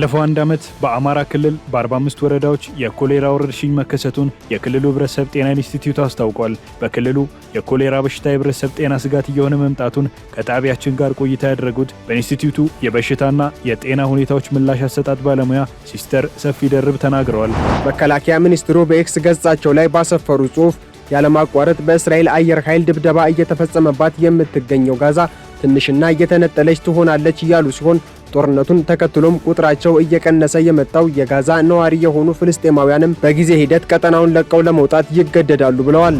ባለፈው አንድ ዓመት በአማራ ክልል በ45 ወረዳዎች የኮሌራ ወረርሽኝ መከሰቱን የክልሉ ህብረተሰብ ጤና ኢንስቲትዩት አስታውቋል። በክልሉ የኮሌራ በሽታ የህብረተሰብ ጤና ስጋት እየሆነ መምጣቱን ከጣቢያችን ጋር ቆይታ ያደረጉት በኢንስቲትዩቱ የበሽታና የጤና ሁኔታዎች ምላሽ አሰጣጥ ባለሙያ ሲስተር ሰፊ ደርብ ተናግረዋል። መከላከያ ሚኒስትሩ በኤክስ ገጻቸው ላይ ባሰፈሩ ጽሑፍ ያለማቋረጥ በእስራኤል አየር ኃይል ድብደባ እየተፈጸመባት የምትገኘው ጋዛ ትንሽና እየተነጠለች ትሆናለች እያሉ ሲሆን ጦርነቱን ተከትሎም ቁጥራቸው እየቀነሰ የመጣው የጋዛ ነዋሪ የሆኑ ፍልስጤማውያንም በጊዜ ሂደት ቀጠናውን ለቀው ለመውጣት ይገደዳሉ ብለዋል።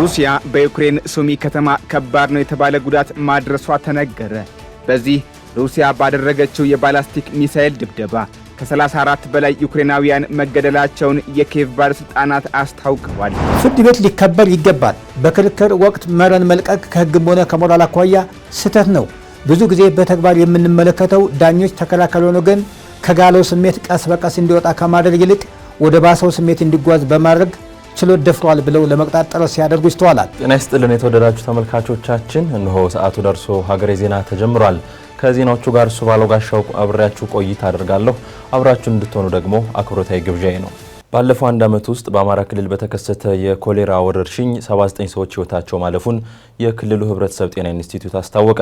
ሩሲያ በዩክሬን ሱሚ ከተማ ከባድ ነው የተባለ ጉዳት ማድረሷ ተነገረ። በዚህ ሩሲያ ባደረገችው የባላስቲክ ሚሳኤል ድብደባ ከ34 በላይ ዩክሬናውያን መገደላቸውን የኪየቭ ባለሥልጣናት አስታውቀዋል። ፍርድ ቤት ሊከበር ይገባል። በክርክር ወቅት መረን መልቀቅ ከሕግም ሆነ ከሞራል አኳያ ስህተት ነው። ብዙ ጊዜ በተግባር የምንመለከተው ዳኞች ተከላካሉን ወገን ከጋለው ስሜት ቀስ በቀስ እንዲወጣ ከማድረግ ይልቅ ወደ ባሰው ስሜት እንዲጓዝ በማድረግ ችሎት ደፍሯል ብለው ለመቅጣት ጥረት ሲያደርጉ ይስተዋላል። ጤና ይስጥልን የተወደዳችሁ ተመልካቾቻችን፣ እንሆ ሰዓቱ ደርሶ ሀገሬ ዜና ተጀምሯል። ከዜናዎቹ ጋር እሱ ባለው ጋሻው አብሬያችሁ ቆይታ አደርጋለሁ። አብራችሁ እንድትሆኑ ደግሞ አክብሮታዊ ግብዣዬ ነው። ባለፈው አንድ ዓመት ውስጥ በአማራ ክልል በተከሰተ የኮሌራ ወረርሽኝ 79 ሰዎች ህይወታቸው ማለፉን የክልሉ ህብረተሰብ ጤና ኢንስቲትዩት አስታወቀ።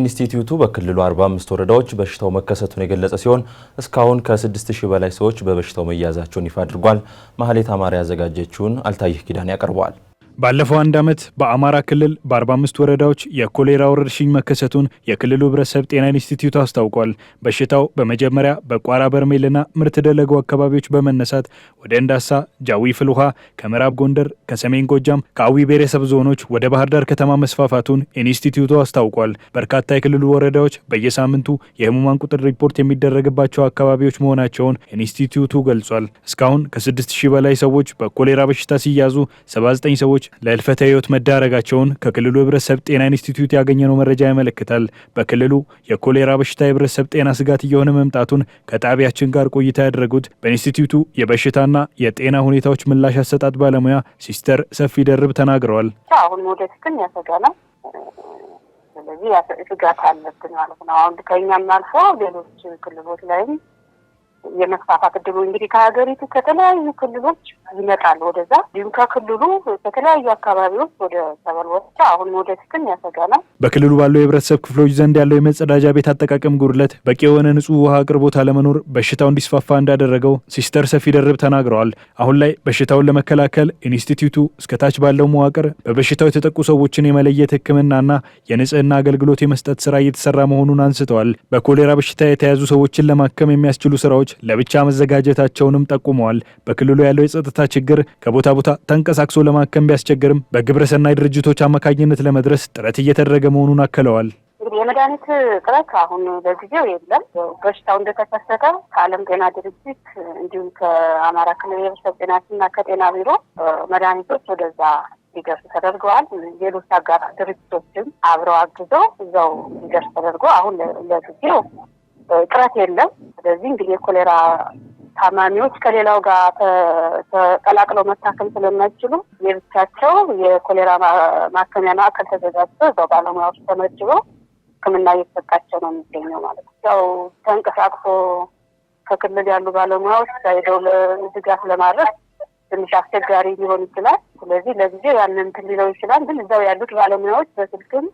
ኢንስቲትዩቱ በክልሉ 45 ወረዳዎች በሽታው መከሰቱን የገለጸ ሲሆን እስካሁን ከ6000 በላይ ሰዎች በበሽታው መያዛቸውን ይፋ አድርጓል። ማህሌት አማረ ያዘጋጀችውን አልታየህ ኪዳን ያቀርበዋል። ባለፈው አንድ ዓመት በአማራ ክልል በ45 ወረዳዎች የኮሌራ ወረርሽኝ መከሰቱን የክልሉ ህብረተሰብ ጤና ኢንስቲትዩት አስታውቋል። በሽታው በመጀመሪያ በቋራ በርሜልና ምርት ደለጉ አካባቢዎች በመነሳት ወደ እንዳሳ፣ ጃዊ ፍልውሃ፣ ከምዕራብ ጎንደር፣ ከሰሜን ጎጃም፣ ከአዊ ብሔረሰብ ዞኖች ወደ ባህር ዳር ከተማ መስፋፋቱን ኢንስቲትዩቱ አስታውቋል። በርካታ የክልሉ ወረዳዎች በየሳምንቱ የህሙማን ቁጥር ሪፖርት የሚደረግባቸው አካባቢዎች መሆናቸውን ኢንስቲትዩቱ ገልጿል። እስካሁን ከ6000 በላይ ሰዎች በኮሌራ በሽታ ሲያዙ 79 ሰዎች ለልፈተ ህይወት መዳረጋቸውን ከክልሉ ህብረተሰብ ጤና ኢንስቲትዩት ያገኘነው መረጃ ያመለክታል። በክልሉ የኮሌራ በሽታ የህብረተሰብ ጤና ስጋት እየሆነ መምጣቱን ከጣቢያችን ጋር ቆይታ ያደረጉት በኢንስቲትዩቱ የበሽታና የጤና ሁኔታዎች ምላሽ አሰጣጥ ባለሙያ ሲስተር ሰፊ ደርብ ተናግረዋል። አሁን ወደፊትም ያሰጋናል። ስለዚህ ስጋት አለብን ማለት ነው። አሁን ከኛም አልፎ ሌሎች ክልሎች ላይም የመስፋፋት እድሉ እንግዲህ ከሀገሪቱ ከተለያዩ ክልሎች ይመጣል ወደዛ። እንዲሁም ከክልሉ ከተለያዩ አካባቢዎች ወደ ሰበል ወስዳ አሁን ወደፊትም ያሰጋናል። በክልሉ ባለው የህብረተሰብ ክፍሎች ዘንድ ያለው የመጸዳጃ ቤት አጠቃቀም ጉድለት፣ በቂ የሆነ ንጹህ ውሃ አቅርቦት አለመኖር በሽታው እንዲስፋፋ እንዳደረገው ሲስተር ሰፊ ደርብ ተናግረዋል። አሁን ላይ በሽታውን ለመከላከል ኢንስቲትዩቱ እስከታች ባለው መዋቅር በበሽታው የተጠቁ ሰዎችን የመለየት ህክምናና የንጽህና አገልግሎት የመስጠት ስራ እየተሰራ መሆኑን አንስተዋል። በኮሌራ በሽታ የተያዙ ሰዎችን ለማከም የሚያስችሉ ስራዎች ኃይሎች ለብቻ መዘጋጀታቸውንም ጠቁመዋል። በክልሉ ያለው የጸጥታ ችግር ከቦታ ቦታ ተንቀሳቅሶ ለማከም ቢያስቸግርም በግብረሰናይ ድርጅቶች አማካኝነት ለመድረስ ጥረት እየተደረገ መሆኑን አክለዋል። የመድኃኒት እጥረት አሁን በጊዜው የለም። በሽታው እንደተከሰተ ከዓለም ጤና ድርጅት እንዲሁም ከአማራ ክልል የህብረተሰብ ጤናና ከጤና ቢሮ መድኃኒቶች ወደዛ እንዲደርሱ ተደርገዋል። ሌሎች አጋር ድርጅቶችም አብረው አግዘው እዛው እንዲደርስ ተደርጎ አሁን ለጊዜው ጥረት የለም። ስለዚህ እንግዲህ የኮሌራ ታማሚዎች ከሌላው ጋር ተቀላቅለው መታከም ስለማይችሉ የብቻቸው የኮሌራ ማከሚያ ማዕከል ተዘጋጅቶ እዛው ባለሙያዎች ተመድበው ሕክምና እየተሰጣቸው ነው የሚገኘው ማለት ነው። ያው ተንቀሳቅሶ ከክልል ያሉ ባለሙያዎች ሄደው ድጋፍ ለማድረስ ትንሽ አስቸጋሪ ሊሆን ይችላል። ስለዚህ ለጊዜው ያንን እንትን ሊለው ይችላል። ግን እዛው ያሉት ባለሙያዎች በስልክም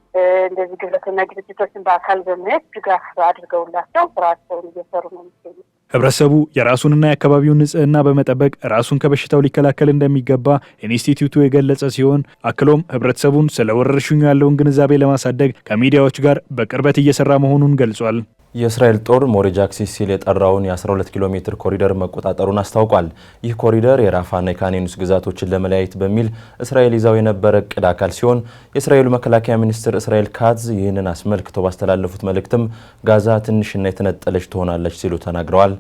እንደዚህ ግብረትና ድርጅቶችን በአካል በመሄድ ድጋፍ አድርገውላቸው ስራቸውን እየሰሩ ነው የሚገኙ። ህብረተሰቡ የራሱንና የአካባቢውን ንጽህና በመጠበቅ ራሱን ከበሽታው ሊከላከል እንደሚገባ ኢንስቲትዩቱ የገለጸ ሲሆን አክሎም ህብረተሰቡን ስለ ወረርሽኙ ያለውን ግንዛቤ ለማሳደግ ከሚዲያዎች ጋር በቅርበት እየሰራ መሆኑን ገልጿል። የእስራኤል ጦር ሞሬጅ አክሲስ ሲል የጠራውን የ12 ኪሎ ሜትር ኮሪደር መቆጣጠሩን አስታውቋል። ይህ ኮሪደር የራፋና የካኔኑስ ግዛቶችን ለመለያየት በሚል እስራኤል ይዛው የነበረ እቅድ አካል ሲሆን የእስራኤሉ መከላከያ ሚኒስትር እስራኤል ካትዝ ይህንን አስመልክቶ ባስተላለፉት መልእክትም ጋዛ ትንሽና የተነጠለች ትሆናለች ሲሉ ተናግረዋል።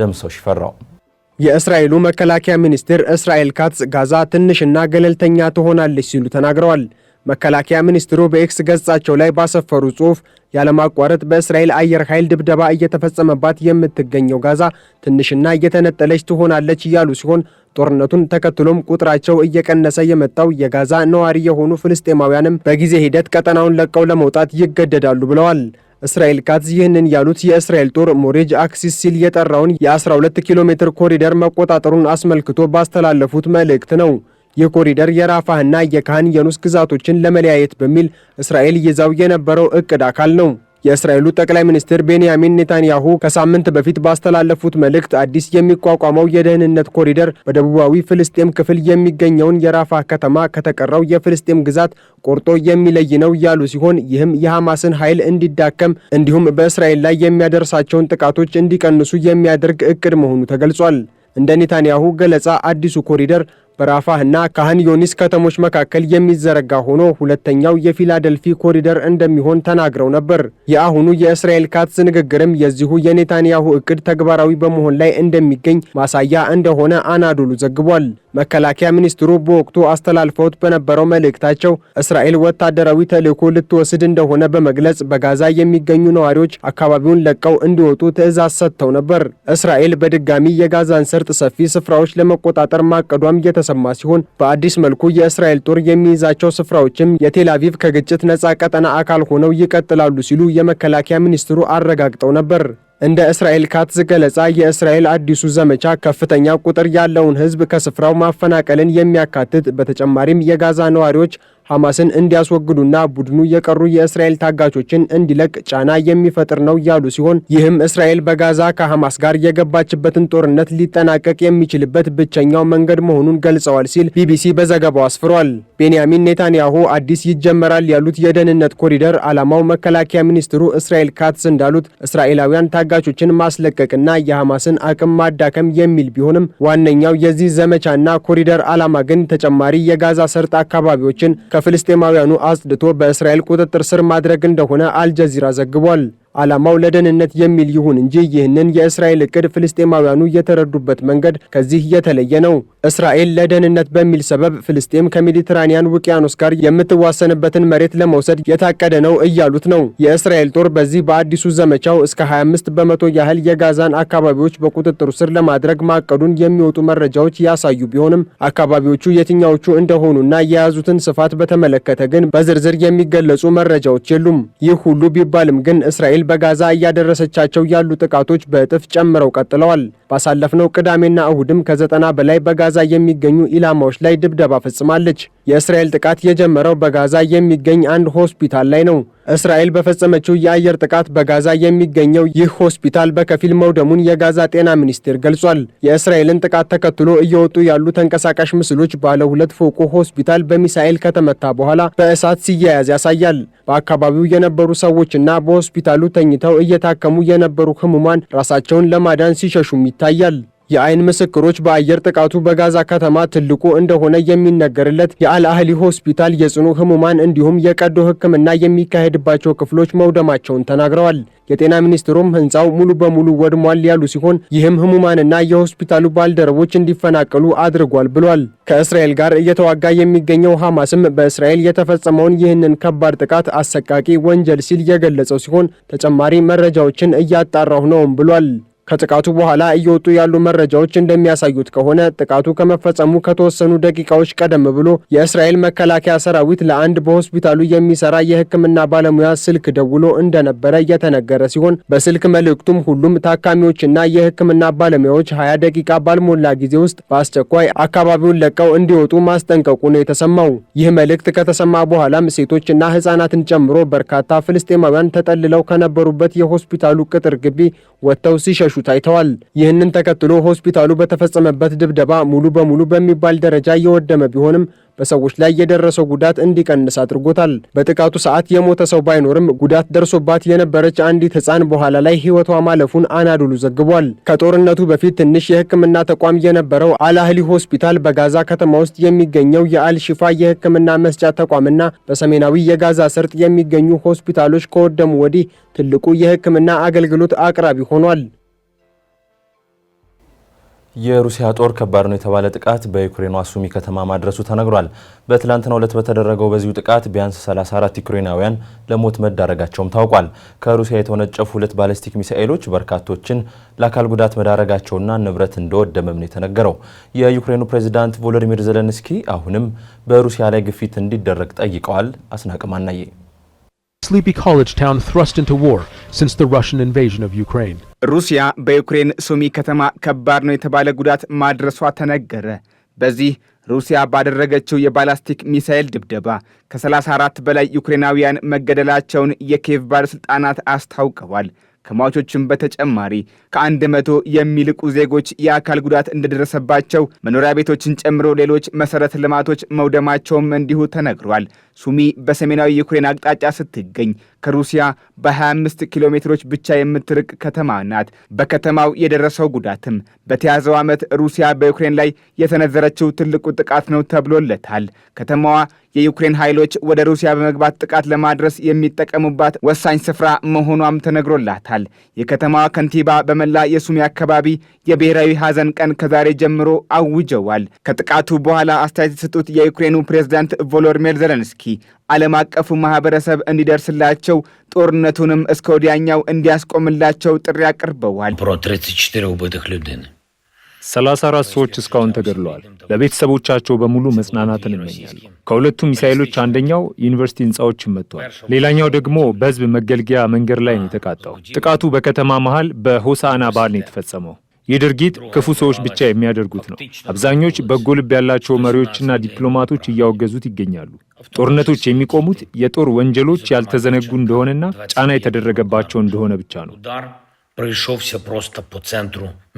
ደምሰው ሽፈራው የእስራኤሉ መከላከያ ሚኒስትር እስራኤል ካትዝ ጋዛ ትንሽና ገለልተኛ ትሆናለች ሲሉ ተናግረዋል። መከላከያ ሚኒስትሩ በኤክስ ገጻቸው ላይ ባሰፈሩ ጽሑፍ ያለማቋረጥ በእስራኤል አየር ኃይል ድብደባ እየተፈጸመባት የምትገኘው ጋዛ ትንሽና እየተነጠለች ትሆናለች እያሉ ሲሆን ጦርነቱን ተከትሎም ቁጥራቸው እየቀነሰ የመጣው የጋዛ ነዋሪ የሆኑ ፍልስጤማውያንም በጊዜ ሂደት ቀጠናውን ለቀው ለመውጣት ይገደዳሉ ብለዋል። እስራኤል ካትዝ ይህንን ያሉት የእስራኤል ጦር ሞሬጅ አክሲስ ሲል የጠራውን የ12 ኪሎ ሜትር ኮሪደር መቆጣጠሩን አስመልክቶ ባስተላለፉት መልእክት ነው። ይህ ኮሪደር የራፋህና የካህን የኑስ ግዛቶችን ለመለያየት በሚል እስራኤል ይዛው የነበረው እቅድ አካል ነው። የእስራኤሉ ጠቅላይ ሚኒስትር ቤንያሚን ኔታንያሁ ከሳምንት በፊት ባስተላለፉት መልእክት አዲስ የሚቋቋመው የደህንነት ኮሪደር በደቡባዊ ፍልስጤም ክፍል የሚገኘውን የራፋ ከተማ ከተቀረው የፍልስጤም ግዛት ቆርጦ የሚለይ ነው ያሉ ሲሆን ይህም የሐማስን ኃይል እንዲዳከም እንዲሁም በእስራኤል ላይ የሚያደርሳቸውን ጥቃቶች እንዲቀንሱ የሚያደርግ እቅድ መሆኑ ተገልጿል። እንደ ኔታንያሁ ገለጻ አዲሱ ኮሪደር በራፋህ እና ካህን ዮኒስ ከተሞች መካከል የሚዘረጋ ሆኖ ሁለተኛው የፊላደልፊ ኮሪደር እንደሚሆን ተናግረው ነበር። የአሁኑ የእስራኤል ካትስ ንግግርም የዚሁ የኔታንያሁ እቅድ ተግባራዊ በመሆን ላይ እንደሚገኝ ማሳያ እንደሆነ አናዶሉ ዘግቧል። መከላከያ ሚኒስትሩ በወቅቱ አስተላልፈውት በነበረው መልእክታቸው እስራኤል ወታደራዊ ተልዕኮ ልትወስድ እንደሆነ በመግለጽ በጋዛ የሚገኙ ነዋሪዎች አካባቢውን ለቀው እንዲወጡ ትዕዛዝ ሰጥተው ነበር። እስራኤል በድጋሚ የጋዛን ሰርጥ ሰፊ ስፍራዎች ለመቆጣጠር ማቀዷም የተሰማ ሲሆን በአዲስ መልኩ የእስራኤል ጦር የሚይዛቸው ስፍራዎችም የቴል አቪቭ ከግጭት ነጻ ቀጠና አካል ሆነው ይቀጥላሉ ሲሉ የመከላከያ ሚኒስትሩ አረጋግጠው ነበር። እንደ እስራኤል ካትዝ ገለጻ የእስራኤል አዲሱ ዘመቻ ከፍተኛ ቁጥር ያለውን ህዝብ ከስፍራው ማፈናቀልን የሚያካትት በተጨማሪም የጋዛ ነዋሪዎች ሐማስን እንዲያስወግዱና ቡድኑ የቀሩ የእስራኤል ታጋቾችን እንዲለቅ ጫና የሚፈጥር ነው ያሉ ሲሆን ይህም እስራኤል በጋዛ ከሐማስ ጋር የገባችበትን ጦርነት ሊጠናቀቅ የሚችልበት ብቸኛው መንገድ መሆኑን ገልጸዋል ሲል ቢቢሲ በዘገባው አስፍሯል። ቤንያሚን ኔታንያሁ አዲስ ይጀመራል ያሉት የደህንነት ኮሪደር ዓላማው መከላከያ ሚኒስትሩ እስራኤል ካትስ እንዳሉት እስራኤላውያን ታጋቾችን ማስለቀቅና የሐማስን አቅም ማዳከም የሚል ቢሆንም ዋነኛው የዚህ ዘመቻና ኮሪደር ዓላማ ግን ተጨማሪ የጋዛ ሰርጥ አካባቢዎችን ከፍልስጤማውያኑ አጽድቶ በእስራኤል ቁጥጥር ስር ማድረግ እንደሆነ አልጀዚራ ዘግቧል። ዓላማው ለደህንነት የሚል ይሁን እንጂ ይህንን የእስራኤል እቅድ ፍልስጤማውያኑ የተረዱበት መንገድ ከዚህ የተለየ ነው። እስራኤል ለደህንነት በሚል ሰበብ ፍልስጤም ከሜዲትራኒያን ውቅያኖስ ጋር የምትዋሰንበትን መሬት ለመውሰድ የታቀደ ነው እያሉት ነው። የእስራኤል ጦር በዚህ በአዲሱ ዘመቻው እስከ 25 በመቶ ያህል የጋዛን አካባቢዎች በቁጥጥሩ ስር ለማድረግ ማቀዱን የሚወጡ መረጃዎች ያሳዩ ቢሆንም አካባቢዎቹ የትኛዎቹ እንደሆኑና የያዙትን ስፋት በተመለከተ ግን በዝርዝር የሚገለጹ መረጃዎች የሉም። ይህ ሁሉ ቢባልም ግን እስራኤል እስራኤል በጋዛ እያደረሰቻቸው ያሉ ጥቃቶች በእጥፍ ጨምረው ቀጥለዋል። ባሳለፍነው ቅዳሜና እሁድም ከዘጠና በላይ በጋዛ የሚገኙ ኢላማዎች ላይ ድብደባ ፈጽማለች። የእስራኤል ጥቃት የጀመረው በጋዛ የሚገኝ አንድ ሆስፒታል ላይ ነው። እስራኤል በፈጸመችው የአየር ጥቃት በጋዛ የሚገኘው ይህ ሆስፒታል በከፊል መውደሙን የጋዛ ጤና ሚኒስቴር ገልጿል። የእስራኤልን ጥቃት ተከትሎ እየወጡ ያሉ ተንቀሳቃሽ ምስሎች ባለ ሁለት ፎቁ ሆስፒታል በሚሳኤል ከተመታ በኋላ በእሳት ሲያያዝ ያሳያል። በአካባቢው የነበሩ ሰዎችና በሆስፒታሉ ተኝተው እየታከሙ የነበሩ ህሙማን ራሳቸውን ለማዳን ሲሸሹም ይታያል። የአይን ምስክሮች በአየር ጥቃቱ በጋዛ ከተማ ትልቁ እንደሆነ የሚነገርለት የአልአህሊ ሆስፒታል የጽኑ ህሙማን እንዲሁም የቀዶ ህክምና የሚካሄድባቸው ክፍሎች መውደማቸውን ተናግረዋል። የጤና ሚኒስትሩም ህንፃው ሙሉ በሙሉ ወድሟል ያሉ ሲሆን ይህም ህሙማንና የሆስፒታሉ ባልደረቦች እንዲፈናቀሉ አድርጓል ብሏል። ከእስራኤል ጋር እየተዋጋ የሚገኘው ሐማስም በእስራኤል የተፈጸመውን ይህንን ከባድ ጥቃት አሰቃቂ ወንጀል ሲል የገለጸው ሲሆን ተጨማሪ መረጃዎችን እያጣራሁ ነውም ብሏል። ከጥቃቱ በኋላ እየወጡ ያሉ መረጃዎች እንደሚያሳዩት ከሆነ ጥቃቱ ከመፈጸሙ ከተወሰኑ ደቂቃዎች ቀደም ብሎ የእስራኤል መከላከያ ሰራዊት ለአንድ በሆስፒታሉ የሚሰራ የሕክምና ባለሙያ ስልክ ደውሎ እንደነበረ የተነገረ ሲሆን በስልክ መልእክቱም ሁሉም ታካሚዎችና የሕክምና ባለሙያዎች ሀያ ደቂቃ ባልሞላ ጊዜ ውስጥ በአስቸኳይ አካባቢውን ለቀው እንዲወጡ ማስጠንቀቁ ነው የተሰማው። ይህ መልእክት ከተሰማ በኋላም ሴቶችና ሕጻናትን ጨምሮ በርካታ ፍልስጤማውያን ተጠልለው ከነበሩበት የሆስፒታሉ ቅጥር ግቢ ወጥተው ሲሸሹ ታይተዋል። ይህንን ተከትሎ ሆስፒታሉ በተፈጸመበት ድብደባ ሙሉ በሙሉ በሚባል ደረጃ እየወደመ ቢሆንም በሰዎች ላይ የደረሰው ጉዳት እንዲቀንስ አድርጎታል። በጥቃቱ ሰዓት የሞተ ሰው ባይኖርም ጉዳት ደርሶባት የነበረች አንዲት ሕፃን በኋላ ላይ ሕይወቷ ማለፉን አናዶሉ ዘግቧል። ከጦርነቱ በፊት ትንሽ የሕክምና ተቋም የነበረው አልአህሊ ሆስፒታል በጋዛ ከተማ ውስጥ የሚገኘው የአልሽፋ የሕክምና መስጫ ተቋምና በሰሜናዊ የጋዛ ሰርጥ የሚገኙ ሆስፒታሎች ከወደሙ ወዲህ ትልቁ የሕክምና አገልግሎት አቅራቢ ሆኗል። የሩሲያ ጦር ከባድ ነው የተባለ ጥቃት በዩክሬኗ ሱሚ ከተማ ማድረሱ ተነግሯል። በትላንትናው ሁለት በተደረገው በዚሁ ጥቃት ቢያንስ 34 ዩክሬናውያን ለሞት መዳረጋቸውም ታውቋል። ከሩሲያ የተወነጨፉ ሁለት ባለስቲክ ሚሳኤሎች በርካቶችን ለአካል ጉዳት መዳረጋቸውና ንብረት እንደወደመም ነው የተነገረው። የዩክሬኑ ፕሬዚዳንት ቮሎዲሚር ዘለንስኪ አሁንም በሩሲያ ላይ ግፊት እንዲደረግ ጠይቀዋል። አስናቀማናየ sleepy college town thrust into war since the Russian invasion of Ukraine. ሩሲያ በዩክሬን ሱሚ ከተማ ከባድ ነው የተባለ ጉዳት ማድረሷ ተነገረ። በዚህ ሩሲያ ባደረገችው የባላስቲክ ሚሳኤል ድብደባ ከ34 በላይ ዩክሬናውያን መገደላቸውን የኪየቭ ባለሥልጣናት አስታውቀዋል። ከሟቾችም በተጨማሪ ከአንድ መቶ የሚልቁ ዜጎች የአካል ጉዳት እንደደረሰባቸው መኖሪያ ቤቶችን ጨምሮ ሌሎች መሠረተ ልማቶች መውደማቸውም እንዲሁ ተነግሯል። ሱሚ በሰሜናዊ ዩክሬን አቅጣጫ ስትገኝ ከሩሲያ በ25 ኪሎ ሜትሮች ብቻ የምትርቅ ከተማ ናት። በከተማው የደረሰው ጉዳትም በተያዘው ዓመት ሩሲያ በዩክሬን ላይ የተነዘረችው ትልቁ ጥቃት ነው ተብሎለታል። ከተማዋ የዩክሬን ኃይሎች ወደ ሩሲያ በመግባት ጥቃት ለማድረስ የሚጠቀሙባት ወሳኝ ስፍራ መሆኗም ተነግሮላታል። የከተማዋ ከንቲባ በመላ የሱሚ አካባቢ የብሔራዊ ሐዘን ቀን ከዛሬ ጀምሮ አውጀዋል። ከጥቃቱ በኋላ አስተያየት የሰጡት የዩክሬኑ ፕሬዝዳንት ቮሎዲሚር ዘለንስኪ ተተኪ ዓለም አቀፉ ማህበረሰብ እንዲደርስላቸው ጦርነቱንም እስከ ወዲያኛው እንዲያስቆምላቸው ጥሪ አቅርበዋል። ሰላሳ አራት ሰዎች እስካሁን ተገድለዋል። ለቤተሰቦቻቸው በሙሉ መጽናናትን እመኛለሁ። ከሁለቱ ሚሳኤሎች አንደኛው ዩኒቨርሲቲ ህንፃዎችን መጥቷል፣ ሌላኛው ደግሞ በህዝብ መገልገያ መንገድ ላይ ነው የተቃጣው። ጥቃቱ በከተማ መሃል በሆሳዕና በዓል ነው የተፈጸመው። ይህ ድርጊት ክፉ ሰዎች ብቻ የሚያደርጉት ነው። አብዛኞች በጎ ልብ ያላቸው መሪዎችና ዲፕሎማቶች እያወገዙት ይገኛሉ። ጦርነቶች የሚቆሙት የጦር ወንጀሎች ያልተዘነጉ እንደሆነና ጫና የተደረገባቸው እንደሆነ ብቻ ነው።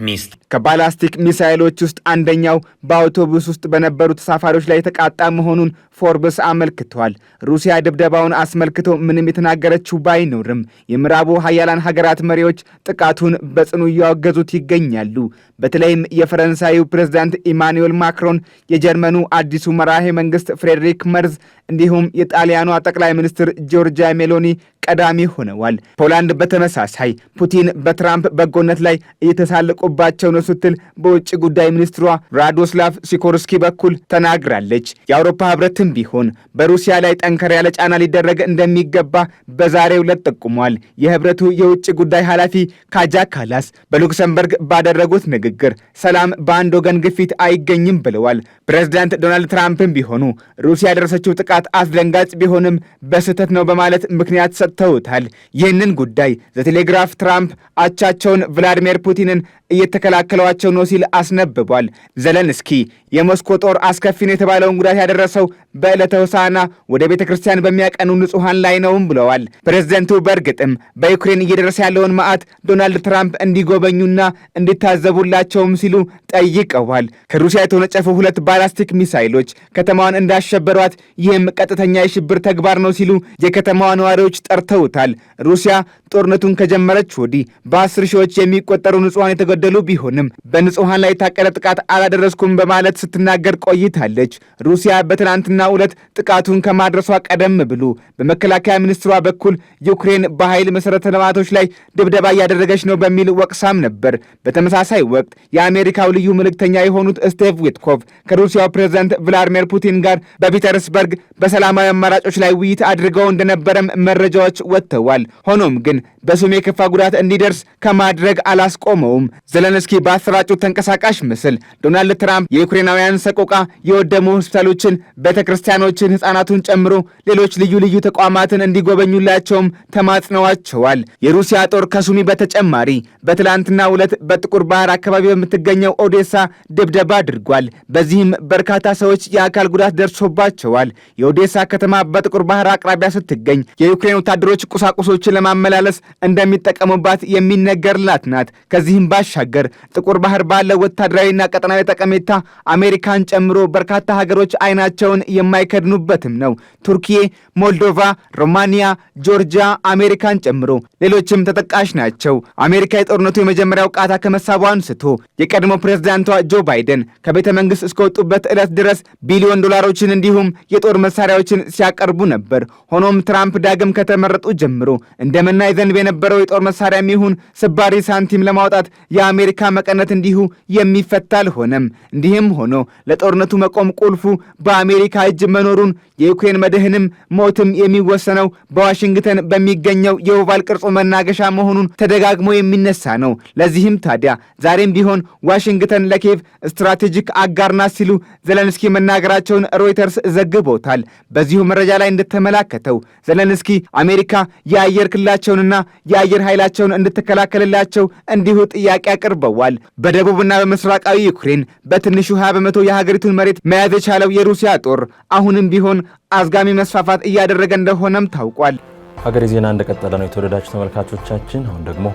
ሚስት ከባላስቲክ ሚሳይሎች ውስጥ አንደኛው በአውቶቡስ ውስጥ በነበሩ ተሳፋሪዎች ላይ የተቃጣ መሆኑን ፎርብስ አመልክቷል። ሩሲያ ድብደባውን አስመልክቶ ምንም የተናገረችው ባይኖርም የምዕራቡ ሀያላን ሀገራት መሪዎች ጥቃቱን በጽኑ እያወገዙት ይገኛሉ። በተለይም የፈረንሳዩ ፕሬዝዳንት ኢማኑዌል ማክሮን፣ የጀርመኑ አዲሱ መራሄ መንግስት ፍሬድሪክ መርዝ እንዲሁም የጣሊያኗ ጠቅላይ ሚኒስትር ጆርጂያ ሜሎኒ ቀዳሚ ሆነዋል። ፖላንድ በተመሳሳይ ፑቲን በትራምፕ በጎነት ላይ እየተሳለቁ ተደብቆባቸው ነው ስትል በውጭ ጉዳይ ሚኒስትሯ ራዶስላቭ ሲኮርስኪ በኩል ተናግራለች። የአውሮፓ ህብረትም ቢሆን በሩሲያ ላይ ጠንከር ያለ ጫና ሊደረግ እንደሚገባ በዛሬው ዕለት ጠቁሟል። የህብረቱ የውጭ ጉዳይ ኃላፊ ካጃ ካላስ በሉክሰምበርግ ባደረጉት ንግግር ሰላም በአንድ ወገን ግፊት አይገኝም ብለዋል። ፕሬዚዳንት ዶናልድ ትራምፕም ቢሆኑ ሩሲያ ያደረሰችው ጥቃት አስደንጋጭ ቢሆንም በስህተት ነው በማለት ምክንያት ሰጥተውታል። ይህንን ጉዳይ ዘቴሌግራፍ ትራምፕ አቻቸውን ቭላዲሚር ፑቲንን እየተከላከሏቸው ነው ሲል አስነብቧል። ዘለንስኪ የሞስኮ ጦር አስከፊን የተባለውን ጉዳት ያደረሰው በዕለተ ሆሳዕና ወደ ቤተ ክርስቲያን በሚያቀኑ ንጹሐን ላይ ነውም ብለዋል። ፕሬዝደንቱ በእርግጥም በዩክሬን እየደረሰ ያለውን መዓት ዶናልድ ትራምፕ እንዲጎበኙና እንዲታዘቡላቸውም ሲሉ ጠይቀዋል። ከሩሲያ የተወነጨፉ ሁለት ባላስቲክ ሚሳይሎች ከተማዋን እንዳሸበሯት ይህም ቀጥተኛ የሽብር ተግባር ነው ሲሉ የከተማዋ ነዋሪዎች ጠርተውታል። ሩሲያ ጦርነቱን ከጀመረች ወዲህ በአስር ሺዎች የሚቆጠሩ ንጹሐን የተገደ የተገደሉ ቢሆንም በንጹሐን ላይ የታቀደ ጥቃት አላደረስኩም በማለት ስትናገር ቆይታለች። ሩሲያ በትናንትና ዕለት ጥቃቱን ከማድረሷ ቀደም ብሎ በመከላከያ ሚኒስትሯ በኩል ዩክሬን በኃይል መሠረተ ልማቶች ላይ ድብደባ እያደረገች ነው በሚል ወቅሳም ነበር። በተመሳሳይ ወቅት የአሜሪካው ልዩ መልእክተኛ የሆኑት ስቴቭ ዊትኮቭ ከሩሲያው ፕሬዝዳንት ቭላድሚር ፑቲን ጋር በፒተርስበርግ በሰላማዊ አማራጮች ላይ ውይይት አድርገው እንደነበረም መረጃዎች ወጥተዋል። ሆኖም ግን በሱም የከፋ ጉዳት እንዲደርስ ከማድረግ አላስቆመውም። ዘለንስኪ በአሰራጩት ተንቀሳቃሽ ምስል ዶናልድ ትራምፕ የዩክሬናውያን ሰቆቃ የወደሙ ሆስፒታሎችን፣ ቤተክርስቲያኖችን፣ ህጻናቱን ጨምሮ ሌሎች ልዩ ልዩ ተቋማትን እንዲጎበኙላቸውም ተማጽነዋቸዋል። የሩሲያ ጦር ከሱሚ በተጨማሪ በትላንትና ዕለት በጥቁር ባህር አካባቢ በምትገኘው ኦዴሳ ድብደባ አድርጓል። በዚህም በርካታ ሰዎች የአካል ጉዳት ደርሶባቸዋል። የኦዴሳ ከተማ በጥቁር ባህር አቅራቢያ ስትገኝ የዩክሬን ወታደሮች ቁሳቁሶችን ለማመላለስ እንደሚጠቀሙባት የሚነገርላት ናት። ከዚህም ባሻ ሲናገር ጥቁር ባህር ባለው ወታደራዊና ቀጠናዊ ጠቀሜታ አሜሪካን ጨምሮ በርካታ ሀገሮች አይናቸውን የማይከድኑበትም ነው። ቱርኪዬ፣ ሞልዶቫ፣ ሮማኒያ፣ ጆርጂያ አሜሪካን ጨምሮ ሌሎችም ተጠቃሽ ናቸው። አሜሪካ የጦርነቱ የመጀመሪያው ቃታ ከመሳቧ አንስቶ የቀድሞ ፕሬዝዳንቷ ጆ ባይደን ከቤተ መንግስት እስከወጡበት ዕለት ድረስ ቢሊዮን ዶላሮችን እንዲሁም የጦር መሳሪያዎችን ሲያቀርቡ ነበር። ሆኖም ትራምፕ ዳግም ከተመረጡ ጀምሮ እንደምናይ ዘንብ የነበረው የጦር መሳሪያም ይሁን ስባሪ ሳንቲም ለማውጣት የአሜሪካ መቀነት እንዲሁ የሚፈታ አልሆነም። እንዲህም ሆኖ ለጦርነቱ መቆም ቁልፉ በአሜሪካ እጅ መኖሩን የዩክሬን መድህንም ሞትም የሚወሰነው በዋሽንግተን በሚገኘው የኦቫል ቅርጾ መናገሻ መሆኑን ተደጋግሞ የሚነሳ ነው። ለዚህም ታዲያ ዛሬም ቢሆን ዋሽንግተን ለኬቭ ስትራቴጂክ አጋር ናት ሲሉ ዘለንስኪ መናገራቸውን ሮይተርስ ዘግቦታል። በዚሁ መረጃ ላይ እንደተመላከተው ዘለንስኪ አሜሪካ የአየር ክልላቸውንና የአየር ኃይላቸውን እንድትከላከልላቸው እንዲሁ ጥያቄ አቅርበዋል። በደቡብና በምስራቃዊ ዩክሬን በትንሹ 20 በመቶ የሀገሪቱን መሬት መያዝ የቻለው የሩሲያ ጦር አሁንም ቢሆን አዝጋሚ መስፋፋት እያደረገ እንደሆነም ታውቋል። ሀገሬ ዜና እንደቀጠለ ነው። የተወደዳችሁ ተመልካቾቻችን፣ አሁን ደግሞ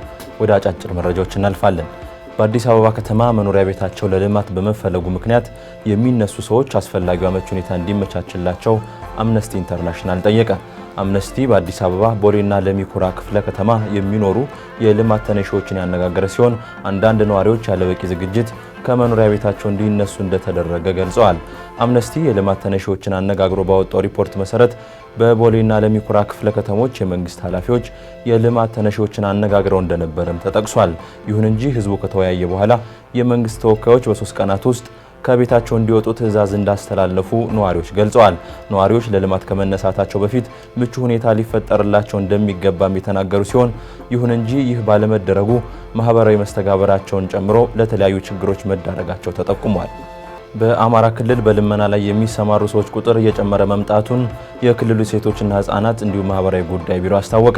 ወደ አጫጭር መረጃዎች እናልፋለን። በአዲስ አበባ ከተማ መኖሪያ ቤታቸው ለልማት በመፈለጉ ምክንያት የሚነሱ ሰዎች አስፈላጊው አመቺ ሁኔታ እንዲመቻችላቸው አምነስቲ ኢንተርናሽናል ጠየቀ። አምነስቲ በአዲስ አበባ ቦሌና ለሚኩራ ክፍለ ከተማ የሚኖሩ የልማት ተነሺዎችን ያነጋገረ ሲሆን አንዳንድ ነዋሪዎች ያለበቂ ዝግጅት ከመኖሪያ ቤታቸው እንዲነሱ እንደተደረገ ገልጸዋል። አምነስቲ የልማት ተነሺዎችን አነጋግሮ ባወጣው ሪፖርት መሰረት በቦሌና ለሚኩራ ክፍለ ከተሞች የመንግስት ኃላፊዎች የልማት ተነሺዎችን አነጋግረው እንደነበረም ተጠቅሷል። ይሁን እንጂ ህዝቡ ከተወያየ በኋላ የመንግስት ተወካዮች በሶስት ቀናት ውስጥ ከቤታቸው እንዲወጡ ትዕዛዝ እንዳስተላለፉ ነዋሪዎች ገልጸዋል። ነዋሪዎች ለልማት ከመነሳታቸው በፊት ምቹ ሁኔታ ሊፈጠርላቸው እንደሚገባም የተናገሩ ሲሆን ይሁን እንጂ ይህ ባለመደረጉ ማህበራዊ መስተጋበራቸውን ጨምሮ ለተለያዩ ችግሮች መዳረጋቸው ተጠቁሟል። በአማራ ክልል በልመና ላይ የሚሰማሩ ሰዎች ቁጥር እየጨመረ መምጣቱን የክልሉ ሴቶችና ህጻናት እንዲሁም ማህበራዊ ጉዳይ ቢሮ አስታወቀ።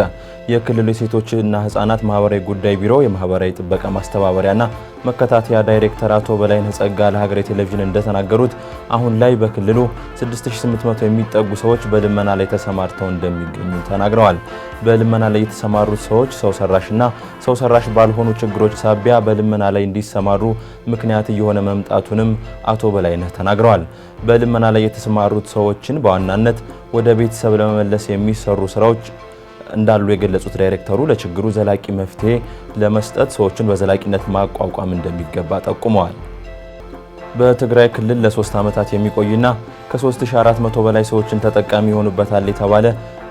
የክልሉ ሴቶችና ህጻናት ማህበራዊ ጉዳይ ቢሮ የማህበራዊ ጥበቃ ማስተባበሪያና መከታተያ ዳይሬክተር አቶ በላይነህ ጸጋ ለሀገሬ ቴሌቪዥን እንደተናገሩት አሁን ላይ በክልሉ 6800 የሚጠጉ ሰዎች በልመና ላይ ተሰማርተው እንደሚገኙ ተናግረዋል። በልመና ላይ የተሰማሩት ሰዎች ሰው ሰራሽና ሰው ሰራሽ ባልሆኑ ችግሮች ሳቢያ በልመና ላይ እንዲሰማሩ ምክንያት እየሆነ መምጣቱንም አቶ አቶ በላይነህ ተናግረዋል። በልመና ላይ የተሰማሩት ሰዎችን በዋናነት ወደ ቤተሰብ ለመመለስ የሚሰሩ ስራዎች እንዳሉ የገለጹት ዳይሬክተሩ ለችግሩ ዘላቂ መፍትሄ ለመስጠት ሰዎችን በዘላቂነት ማቋቋም እንደሚገባ ጠቁመዋል። በትግራይ ክልል ለሶስት ዓመታት የሚቆይና ከ3400 በላይ ሰዎችን ተጠቃሚ ይሆኑበታል የተባለ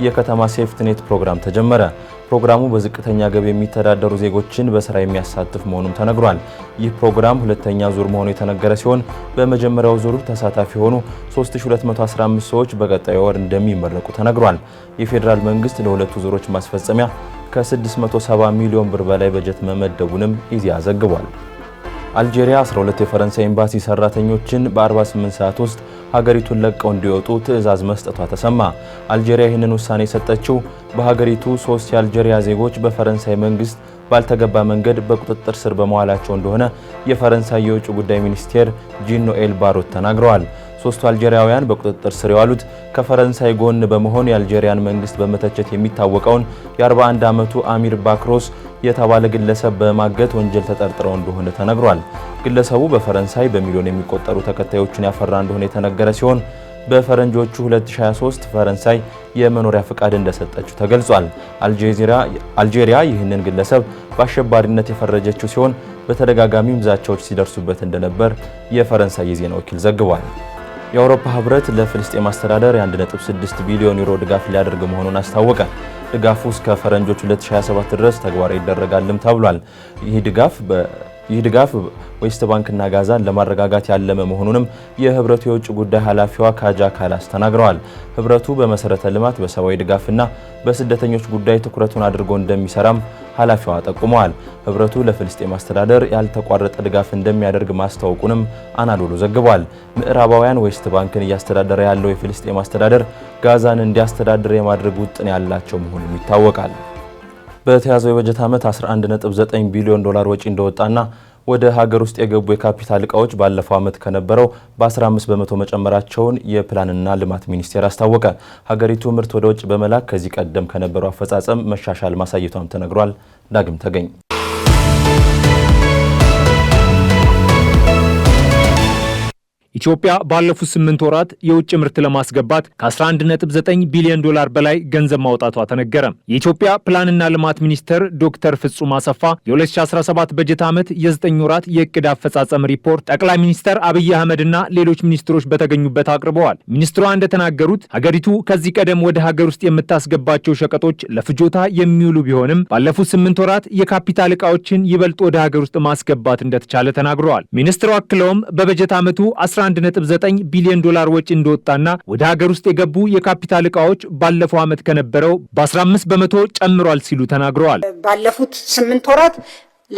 የከተማ ሴፍትኔት ፕሮግራም ተጀመረ። ፕሮግራሙ በዝቅተኛ ገቢ የሚተዳደሩ ዜጎችን በስራ የሚያሳትፍ መሆኑም ተነግሯል። ይህ ፕሮግራም ሁለተኛ ዙር መሆኑ የተነገረ ሲሆን በመጀመሪያው ዙር ተሳታፊ የሆኑ 3215 ሰዎች በቀጣዩ ወር እንደሚመረቁ ተነግሯል። የፌዴራል መንግስት ለሁለቱ ዙሮች ማስፈጸሚያ ከ670 ሚሊዮን ብር በላይ በጀት መመደቡንም ኢዜአ ዘግቧል። አልጄሪያ 12 የፈረንሳይ ኤምባሲ ሰራተኞችን በ48 ሰዓት ውስጥ ሀገሪቱን ለቀው እንዲወጡ ትዕዛዝ መስጠቷ ተሰማ። አልጄሪያ ይህንን ውሳኔ የሰጠችው በሀገሪቱ ሶስት የአልጄሪያ ዜጎች በፈረንሳይ መንግስት ባልተገባ መንገድ በቁጥጥር ስር በመዋላቸው እንደሆነ የፈረንሳይ የውጭ ጉዳይ ሚኒስቴር ጂን ኖኤል ባሮት ተናግረዋል። ሶስቱ አልጄሪያውያን በቁጥጥር ስር የዋሉት ከፈረንሳይ ጎን በመሆን የአልጄሪያን መንግስት በመተቸት የሚታወቀውን የ41 ዓመቱ አሚር ባክሮስ የተባለ ግለሰብ በማገት ወንጀል ተጠርጥረው እንደሆነ ተነግሯል። ግለሰቡ በፈረንሳይ በሚሊዮን የሚቆጠሩ ተከታዮችን ያፈራ እንደሆነ የተነገረ ሲሆን በፈረንጆቹ 2023 ፈረንሳይ የመኖሪያ ፍቃድ እንደሰጠችው ተገልጿል። አልጄሪያ ይህንን ግለሰብ በአሸባሪነት የፈረጀችው ሲሆን በተደጋጋሚም ዛቻዎች ሲደርሱበት እንደነበር የፈረንሳይ የዜና ወኪል ዘግቧል። የአውሮፓ ህብረት ለፍልስጤም አስተዳደር የ1.6 ቢሊዮን ዩሮ ድጋፍ ሊያደርግ መሆኑን አስታወቀ። ድጋፉ እስከ ፈረንጆች 2027 ድረስ ተግባራዊ ይደረጋልም ተብሏል። ይህ ድጋፍ ይህ ድጋፍ ዌስት ባንክና ጋዛን ለማረጋጋት ያለመ መሆኑንም የህብረቱ የውጭ ጉዳይ ኃላፊዋ ካጃ ካላስ ተናግረዋል። ህብረቱ በመሰረተ ልማት፣ በሰብአዊ ድጋፍና በስደተኞች ጉዳይ ትኩረቱን አድርጎ እንደሚሰራም ኃላፊዋ ጠቁመዋል። ህብረቱ ለፍልስጤም አስተዳደር ያልተቋረጠ ድጋፍ እንደሚያደርግ ማስታወቁንም አናሎሎ ዘግቧል። ምዕራባውያን ዌስት ባንክን እያስተዳደረ ያለው የፍልስጤም አስተዳደር ጋዛን እንዲያስተዳድር የማድረግ ውጥን ያላቸው መሆኑም ይታወቃል። በተያዘው የበጀት ዓመት 11.9 ቢሊዮን ዶላር ወጪ እንደወጣና ወደ ሀገር ውስጥ የገቡ የካፒታል እቃዎች ባለፈው ዓመት ከነበረው በ15 በመቶ መጨመራቸውን የፕላንና ልማት ሚኒስቴር አስታወቀ። ሀገሪቱ ምርት ወደ ውጭ በመላክ ከዚህ ቀደም ከነበረው አፈጻጸም መሻሻል ማሳየቷም ተነግሯል። ዳግም ተገኝ ኢትዮጵያ ባለፉት ስምንት ወራት የውጭ ምርት ለማስገባት ከ11.9 ቢሊዮን ዶላር በላይ ገንዘብ ማውጣቷ ተነገረ። የኢትዮጵያ ፕላንና ልማት ሚኒስትር ዶክተር ፍጹም አሰፋ የ2017 በጀት ዓመት የ9 ወራት የእቅድ አፈጻጸም ሪፖርት ጠቅላይ ሚኒስትር አብይ አህመድና ሌሎች ሚኒስትሮች በተገኙበት አቅርበዋል። ሚኒስትሯ እንደተናገሩት ሀገሪቱ ከዚህ ቀደም ወደ ሀገር ውስጥ የምታስገባቸው ሸቀጦች ለፍጆታ የሚውሉ ቢሆንም ባለፉት ስምንት ወራት የካፒታል ዕቃዎችን ይበልጥ ወደ ሀገር ውስጥ ማስገባት እንደተቻለ ተናግረዋል። ሚኒስትሯ አክለውም በበጀት ዓመቱ 11.9 ቢሊዮን ዶላር ወጪ እንደወጣና ወደ ሀገር ውስጥ የገቡ የካፒታል እቃዎች ባለፈው ዓመት ከነበረው በ15 በመቶ ጨምሯል ሲሉ ተናግረዋል። ባለፉት ስምንት ወራት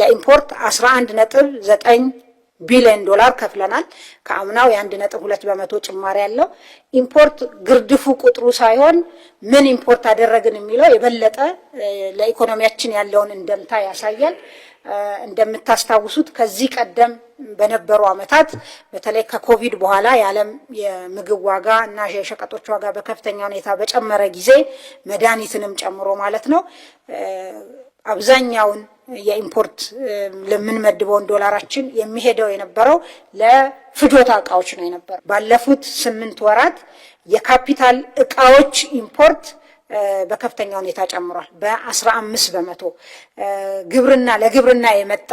ለኢምፖርት 11.9 ቢሊዮን ዶላር ከፍለናል። ከአምናው የ1.2 በመቶ ጭማሪ ያለው ኢምፖርት ግርድፉ ቁጥሩ ሳይሆን ምን ኢምፖርት አደረግን የሚለው የበለጠ ለኢኮኖሚያችን ያለውን እንደምታ ያሳያል። እንደምታስታውሱት ከዚህ ቀደም በነበሩ ዓመታት በተለይ ከኮቪድ በኋላ የዓለም የምግብ ዋጋ እና የሸቀጦች ዋጋ በከፍተኛ ሁኔታ በጨመረ ጊዜ መድኃኒትንም ጨምሮ ማለት ነው አብዛኛውን የኢምፖርት ለምንመድበውን ዶላራችን የሚሄደው የነበረው ለፍጆታ እቃዎች ነው የነበረው። ባለፉት ስምንት ወራት የካፒታል እቃዎች ኢምፖርት በከፍተኛ ሁኔታ ጨምሯል። በአስራ አምስት በመቶ ግብርና ለግብርና የመጣ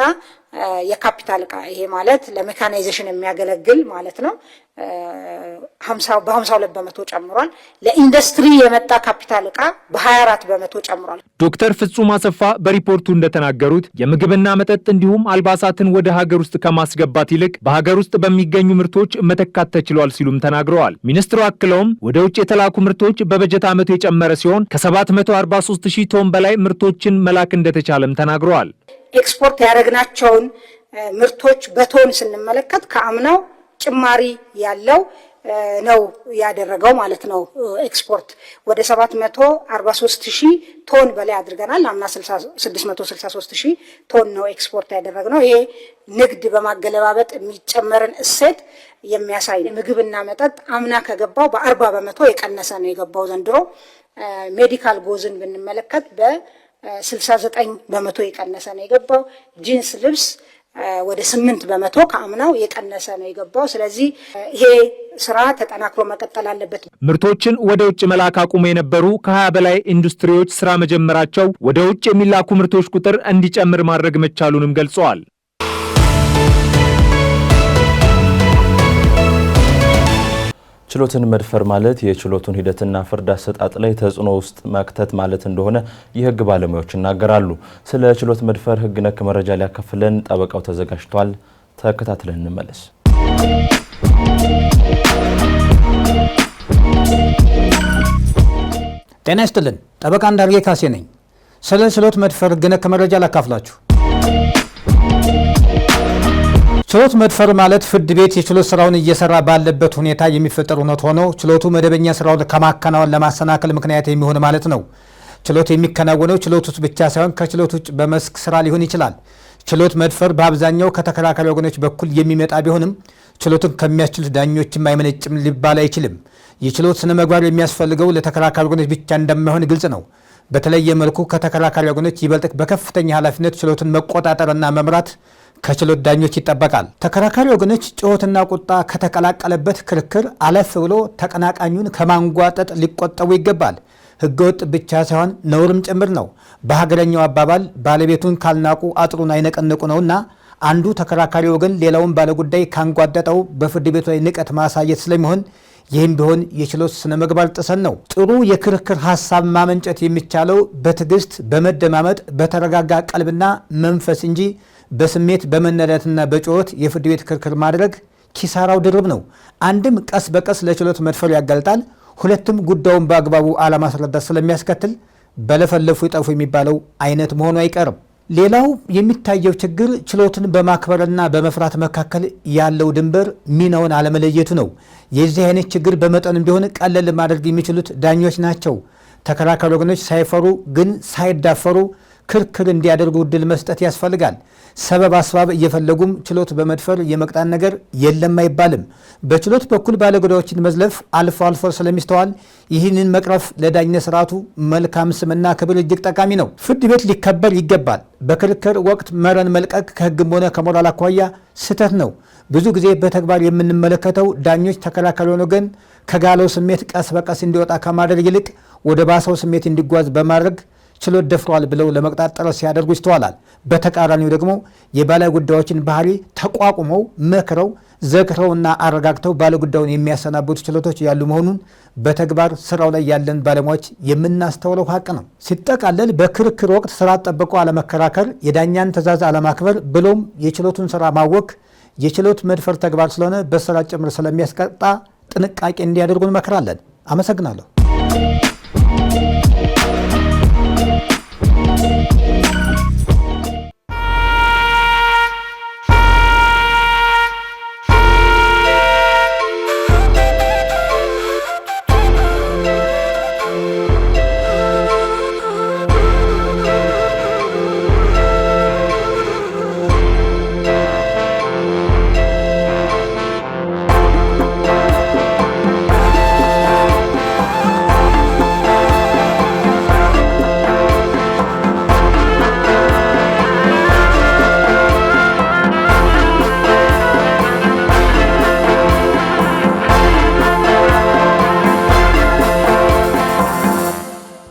የካፒታል እቃ ይሄ ማለት ለሜካናይዜሽን የሚያገለግል ማለት ነው። በሀምሳ ሁለት በመቶ ጨምሯል። ለኢንዱስትሪ የመጣ ካፒታል እቃ በሀያ አራት በመቶ ጨምሯል። ዶክተር ፍጹም አሰፋ በሪፖርቱ እንደተናገሩት የምግብና መጠጥ እንዲሁም አልባሳትን ወደ ሀገር ውስጥ ከማስገባት ይልቅ በሀገር ውስጥ በሚገኙ ምርቶች መተካት ተችሏል ሲሉም ተናግረዋል። ሚኒስትሩ አክለውም ወደ ውጭ የተላኩ ምርቶች በበጀት ዓመቱ የጨመረ ሲሆን ከ743 ሺህ ቶን በላይ ምርቶችን መላክ እንደተቻለ እንደቻለም ተናግረዋል። ኤክስፖርት ያደረግናቸውን ምርቶች በቶን ስንመለከት ከአምናው ጭማሪ ያለው ነው ያደረገው ማለት ነው። ኤክስፖርት ወደ 743 ሺህ ቶን በላይ አድርገናል። አምና 663 ሺህ ቶን ነው ኤክስፖርት ያደረግነው። ይሄ ንግድ በማገለባበጥ የሚጨመርን እሴት የሚያሳይ ምግብና መጠጥ አምና ከገባው በ40 በመቶ የቀነሰ ነው የገባው ዘንድሮ። ሜዲካል ጎዝን ብንመለከት በ ዘጠኝ በመቶ የቀነሰ ነው የገባው። ጂንስ ልብስ ወደ ስምንት በመቶ ከአምናው የቀነሰ ነው የገባው። ስለዚህ ይሄ ስራ ተጠናክሮ መቀጠል አለበት። ምርቶችን ወደ ውጭ መላክ አቁሞ የነበሩ ከ በላይ ኢንዱስትሪዎች ስራ መጀመራቸው ወደ ውጭ የሚላኩ ምርቶች ቁጥር እንዲጨምር ማድረግ መቻሉንም ገልጸዋል። ችሎትን መድፈር ማለት የችሎቱን ሂደትና ፍርድ አሰጣጥ ላይ ተጽዕኖ ውስጥ መክተት ማለት እንደሆነ የህግ ባለሙያዎች ይናገራሉ። ስለ ችሎት መድፈር ህግ ነክ መረጃ ሊያካፍለን ጠበቃው ተዘጋጅቷል። ተከታትለን እንመለስ። ጤና ይስጥልን። ጠበቃ እንዳርጌ ካሴ ነኝ። ስለ ችሎት መድፈር ህግ ነክ መረጃ ላካፍላችሁ። ችሎት መድፈር ማለት ፍርድ ቤት የችሎት ስራውን እየሰራ ባለበት ሁኔታ የሚፈጠር እውነት ሆኖ ችሎቱ መደበኛ ስራውን ከማከናወን ለማሰናከል ምክንያት የሚሆን ማለት ነው። ችሎት የሚከናወነው ችሎት ውስጥ ብቻ ሳይሆን ከችሎት ውጭ በመስክ ስራ ሊሆን ይችላል። ችሎት መድፈር በአብዛኛው ከተከራካሪ ወገኖች በኩል የሚመጣ ቢሆንም ችሎትን ከሚያስችሉት ዳኞችም አይመነጭም ሊባል አይችልም። የችሎት ስነ መግባር የሚያስፈልገው ለተከራካሪ ወገኖች ብቻ እንደማይሆን ግልጽ ነው። በተለየ መልኩ ከተከራካሪ ወገኖች ይበልጥ በከፍተኛ ኃላፊነት ችሎትን መቆጣጠርና መምራት ከችሎት ዳኞች ይጠበቃል። ተከራካሪ ወገኖች ጩኸትና ቁጣ ከተቀላቀለበት ክርክር አለፍ ብሎ ተቀናቃኙን ከማንጓጠጥ ሊቆጠቡ ይገባል። ህገወጥ ብቻ ሳይሆን ነውርም ጭምር ነው። በሀገረኛው አባባል ባለቤቱን ካልናቁ አጥሩን አይነቀንቁ ነውና አንዱ ተከራካሪ ወገን ሌላውን ባለጉዳይ ካንጓጠጠው በፍርድ ቤቱ ላይ ንቀት ማሳየት ስለሚሆን ይህም ቢሆን የችሎት ስነ ምግባር ጥሰን ነው። ጥሩ የክርክር ሀሳብ ማመንጨት የሚቻለው በትዕግስት፣ በመደማመጥ፣ በተረጋጋ ቀልብና መንፈስ እንጂ በስሜት በመነዳትና በጩኸት የፍርድ ቤት ክርክር ማድረግ ኪሳራው ድርብ ነው። አንድም ቀስ በቀስ ለችሎት መድፈሩ ያጋልጣል፣ ሁለትም ጉዳዩን በአግባቡ አለማስረዳት ስለሚያስከትል በለፈለፉ ይጠፉ የሚባለው አይነት መሆኑ አይቀርም። ሌላው የሚታየው ችግር ችሎትን በማክበርና በመፍራት መካከል ያለው ድንበር ሚናውን አለመለየቱ ነው። የዚህ አይነት ችግር በመጠንም ቢሆን ቀለል ማድረግ የሚችሉት ዳኞች ናቸው። ተከራካሪ ወገኖች ሳይፈሩ ግን ሳይዳፈሩ ክርክር እንዲያደርጉ እድል መስጠት ያስፈልጋል። ሰበብ አስባብ እየፈለጉም ችሎት በመድፈር የመቅጣን ነገር የለም አይባልም። በችሎት በኩል ባለጉዳዮችን መዝለፍ አልፎ አልፎ ስለሚስተዋል ይህንን መቅረፍ ለዳኝነት ስርዓቱ መልካም ስምና ክብር እጅግ ጠቃሚ ነው። ፍርድ ቤት ሊከበር ይገባል። በክርክር ወቅት መረን መልቀቅ ከህግም ሆነ ከሞራል አኳያ ስህተት ነው። ብዙ ጊዜ በተግባር የምንመለከተው ዳኞች ተከራካሪ ሆኖ ግን ከጋለው ስሜት ቀስ በቀስ እንዲወጣ ከማድረግ ይልቅ ወደ ባሰው ስሜት እንዲጓዝ በማድረግ ችሎት ብለው ለመቅጣት ጥረት ሲያደርጉ ይስተዋላል። በተቃራኒው ደግሞ የባለ ጉዳዮችን ባህሪ ተቋቁመው መክረው ዘክረውና አረጋግተው ባለጉዳዩን የሚያሰናብቱ ችሎቶች ያሉ መሆኑን በተግባር ስራው ላይ ያለን ባለሙያዎች የምናስተውለው ሀቅ ነው። ሲጠቃለል በክርክር ወቅት ስራ ጠብቆ አለመከራከር፣ የዳኛን ትዕዛዝ አለማክበር፣ ብሎም የችሎቱን ስራ ማወክ የችሎት መድፈር ተግባር ስለሆነ በስራ ጭምር ስለሚያስቀጣ ጥንቃቄ እንዲያደርጉ እንመክራለን። አመሰግናለሁ።